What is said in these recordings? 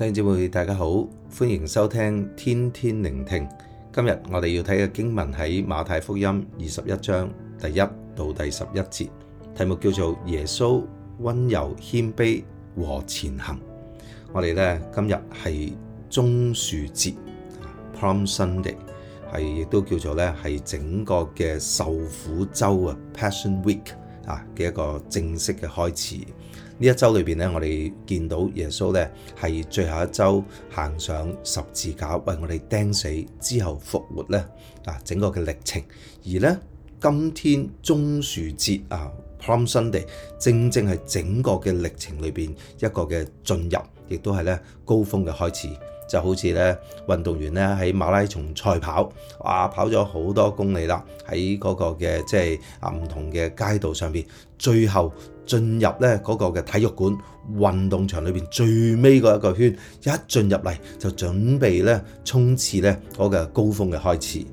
聽眾朋友，大家好，歡迎收聽天天聆聽。今日我哋要睇嘅經文喺馬太福音二十一章第一到第十一節，題目叫做耶穌温柔謙卑和前行。我哋咧今日係棕樹節 p r o m Sunday），係亦都叫做咧係整個嘅受苦週啊 （Passion Week） 啊嘅一個正式嘅開始。呢一周裏面呢，我哋見到耶穌呢係最後一周行上十字架為我哋釘死之後復活呢，啊整個嘅歷程，而呢，今天棕樹節啊，Palm Sunday，正正係整個嘅歷程裏面一個嘅進入，亦都係呢高峰嘅開始。就好似咧，運動員咧喺馬拉松賽跑，啊，跑咗好多公里啦，喺嗰個嘅即係啊唔同嘅街道上面。最後進入咧嗰個嘅體育館運動場裏面最尾嗰一個圈，一進入嚟就準備咧衝刺咧嗰個高峰嘅開始。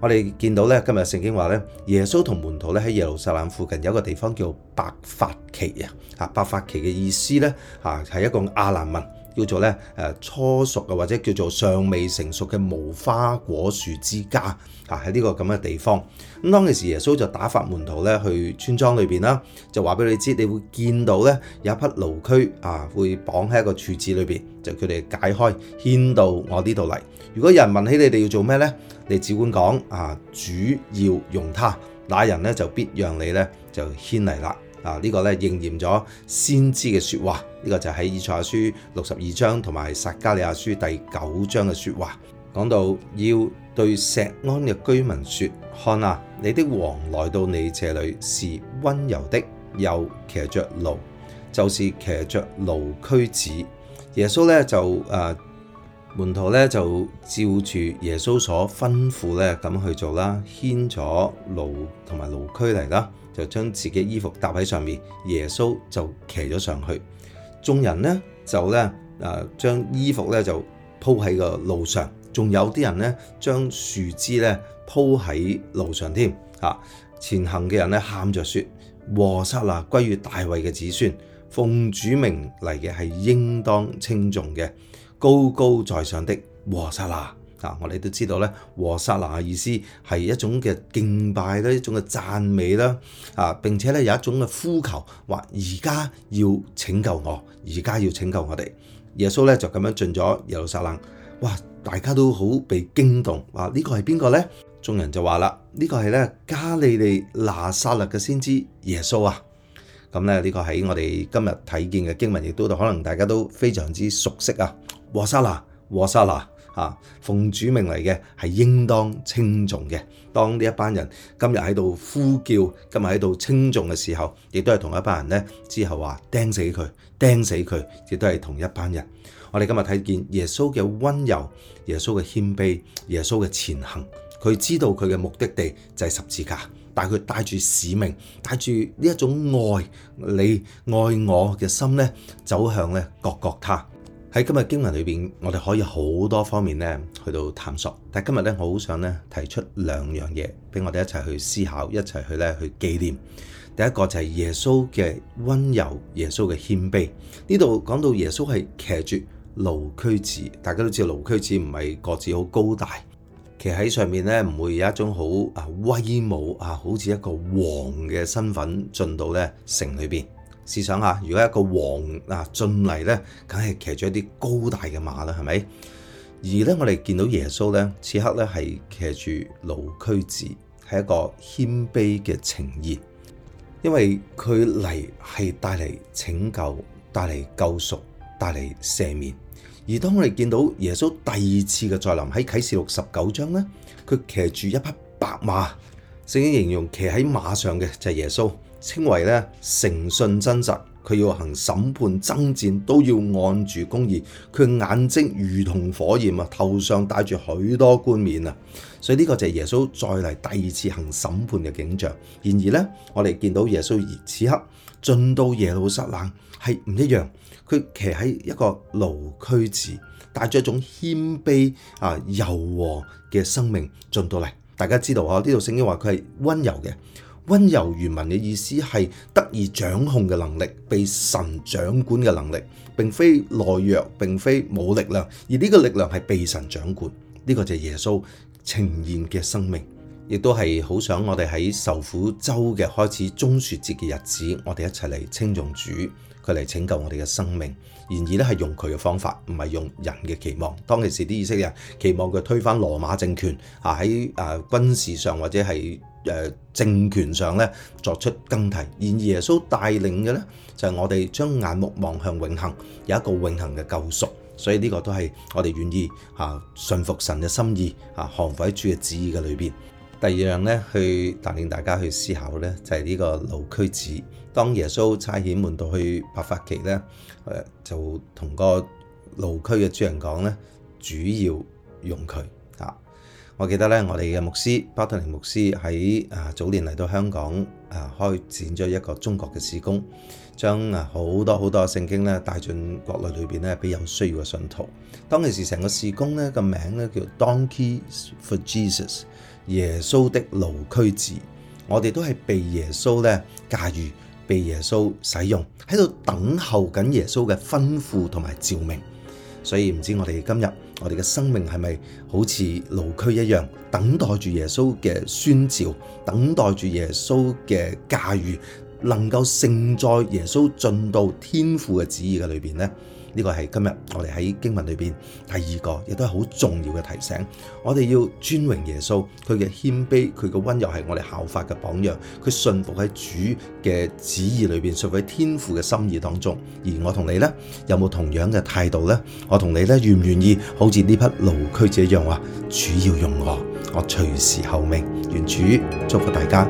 我哋見到咧今日聖經話咧，耶穌同門徒咧喺耶路撒冷附近有一個地方叫伯法其啊，伯法其嘅意思咧係一個亞蘭文，叫做咧誒初熟嘅，或者叫做尚未成熟嘅無花果樹之家，啊喺呢個咁嘅地方。咁當其時耶穌就打發門徒咧去村莊裏邊啦，就話俾你知，你會見到咧有一匹驢駒啊，會綁喺一個柱子裏邊，就佢哋解開牽到我呢度嚟。如果有人問起你哋要做咩咧，你只管講啊，主要用它，那人咧就必讓你咧就牽嚟啦。啊！呢個咧應驗咗先知嘅説話，呢、這個就喺以賽亞書六十二章同埋撒加利亞書第九章嘅説話，講到要對錫安嘅居民説：看啊，你的王來到你這裏是温柔的，又騎着驢，就是騎着驢駒子。耶穌咧就誒。呃門徒咧就照住耶穌所吩咐咧咁去做啦，牽咗驢同埋驢駒嚟啦，就將自己的衣服搭喺上面，耶穌就騎咗上去。眾人呢就咧啊將衣服咧就鋪喺個路上，仲有啲人咧將樹枝咧鋪喺路上添吓。前行嘅人咧喊着説：和散那，歸於大衛嘅子孫，奉主名嚟嘅係應當稱頌嘅。高高在上的和散那啊！我哋都知道咧，和散那嘅意思係一種嘅敬拜啦，一種嘅讚美啦啊！並且咧有一種嘅呼求，話而家要拯救我，而家要拯救我哋。耶穌咧就咁樣進咗耶路撒冷。哇！大家都好被驚動，話呢個係邊個呢？眾人就話啦：這個、呢個係咧加利利拿撒勒嘅先知耶穌啊！咁咧呢、這個喺我哋今日睇見嘅經文，亦都可能大家都非常之熟悉啊！和散那，和散那，啊！奉主名嚟嘅，係應當稱頌嘅。當呢一班人今日喺度呼叫，今日喺度稱頌嘅時候，亦都係同一班人呢。之後話釘死佢，釘死佢，亦都係同一班人。我哋今日睇見耶穌嘅溫柔，耶穌嘅謙卑，耶穌嘅前行。佢知道佢嘅目的地就係十字架，但佢帶住使命，帶住呢一種愛，你愛我嘅心呢，走向呢各各他。喺今日經文裏面，我哋可以好多方面去到探索。但今日我好想提出兩樣嘢俾我哋一齊去思考，一齊去紀念。第一個就係耶穌嘅溫柔，耶穌嘅謙卑。呢度講到耶穌係騎住驢駒子，大家都知驢駒子唔係個子好高大，騎喺上面不唔會有一種好威武啊，好似一個王嘅身份進到城裏面試想下，如果一個王嗱進嚟咧，梗係騎着一啲高大嘅馬啦，係咪？而呢，我哋見到耶穌呢，此刻呢，係騎住驢駒子，係一個謙卑嘅情意，因為佢嚟係帶嚟拯救、帶嚟救贖、帶嚟赦免。而當我哋見到耶穌第二次嘅再臨，喺啟示錄十九章呢，佢騎住一匹白馬，聖經形容騎喺馬上嘅就係耶穌。稱為咧誠信真實，佢要行審判爭戰都要按住公義，佢眼睛如同火焰啊，頭上戴住許多冠冕啊，所以呢個就係耶穌再嚟第二次行審判嘅景象。然而呢，我哋見到耶穌而此刻進到耶路撒冷係唔一樣，佢騎喺一個驢駒子，帶住一種謙卑啊柔和嘅生命進到嚟。大家知道啊，呢度聖經話佢係温柔嘅。溫柔原文嘅意思係得以掌控嘅能力，被神掌管嘅能力，並非懦弱，並非冇力量，而呢個力量係被神掌管。呢、這個就係耶穌呈現嘅生命，亦都係好想我哋喺受苦週嘅開始，棕樹節嘅日子，我哋一齊嚟稱頌主，佢嚟拯救我哋嘅生命。然而咧，係用佢嘅方法，唔係用人嘅期望。當其時啲以色列期望佢推翻羅馬政權啊，喺啊軍事上或者係。誒，政權上咧作出更替，而耶穌帶領嘅咧就係我哋將眼目望向永恆，有一個永恆嘅救贖，所以呢個都係我哋願意嚇信服神嘅心意嚇降服喺主嘅旨意嘅裏邊。第二樣咧去帶領大家去思考咧就係、是、呢個驢駒子，當耶穌差遣門徒去伯法其咧誒，就同個驢駒嘅主人講咧，主要用佢。我記得呢我哋嘅牧師巴特尼牧師喺、啊、早年嚟到香港、啊、開展咗一個中國嘅事工，將、啊、好多好多聖經咧帶進國內裏面咧俾有需要嘅信徒。當其時成個事工咧個名咧叫 Donkey for Jesus，耶穌的驢駒子。我哋都係被耶穌駕馭，被耶穌使用，喺度等候緊耶穌嘅吩咐同埋照明。所以唔知我哋今日我哋嘅生命係咪好似驢駒一樣，等待住耶穌嘅宣召，等待住耶穌嘅駕馭，能夠盛載耶穌進到天父嘅旨意嘅裏邊咧？呢、這個係今日我哋喺經文裏邊第二個，亦都係好重要嘅提醒。我哋要尊榮耶穌，佢嘅謙卑，佢嘅溫柔係我哋效法嘅榜樣。佢信服喺主嘅旨意裏邊，信服喺天父嘅心意當中。而我同你呢，有冇同樣嘅態度呢？我同你呢，願唔願意好似呢匹驢駒這樣啊？主要用我，我隨時候命。願主祝福大家。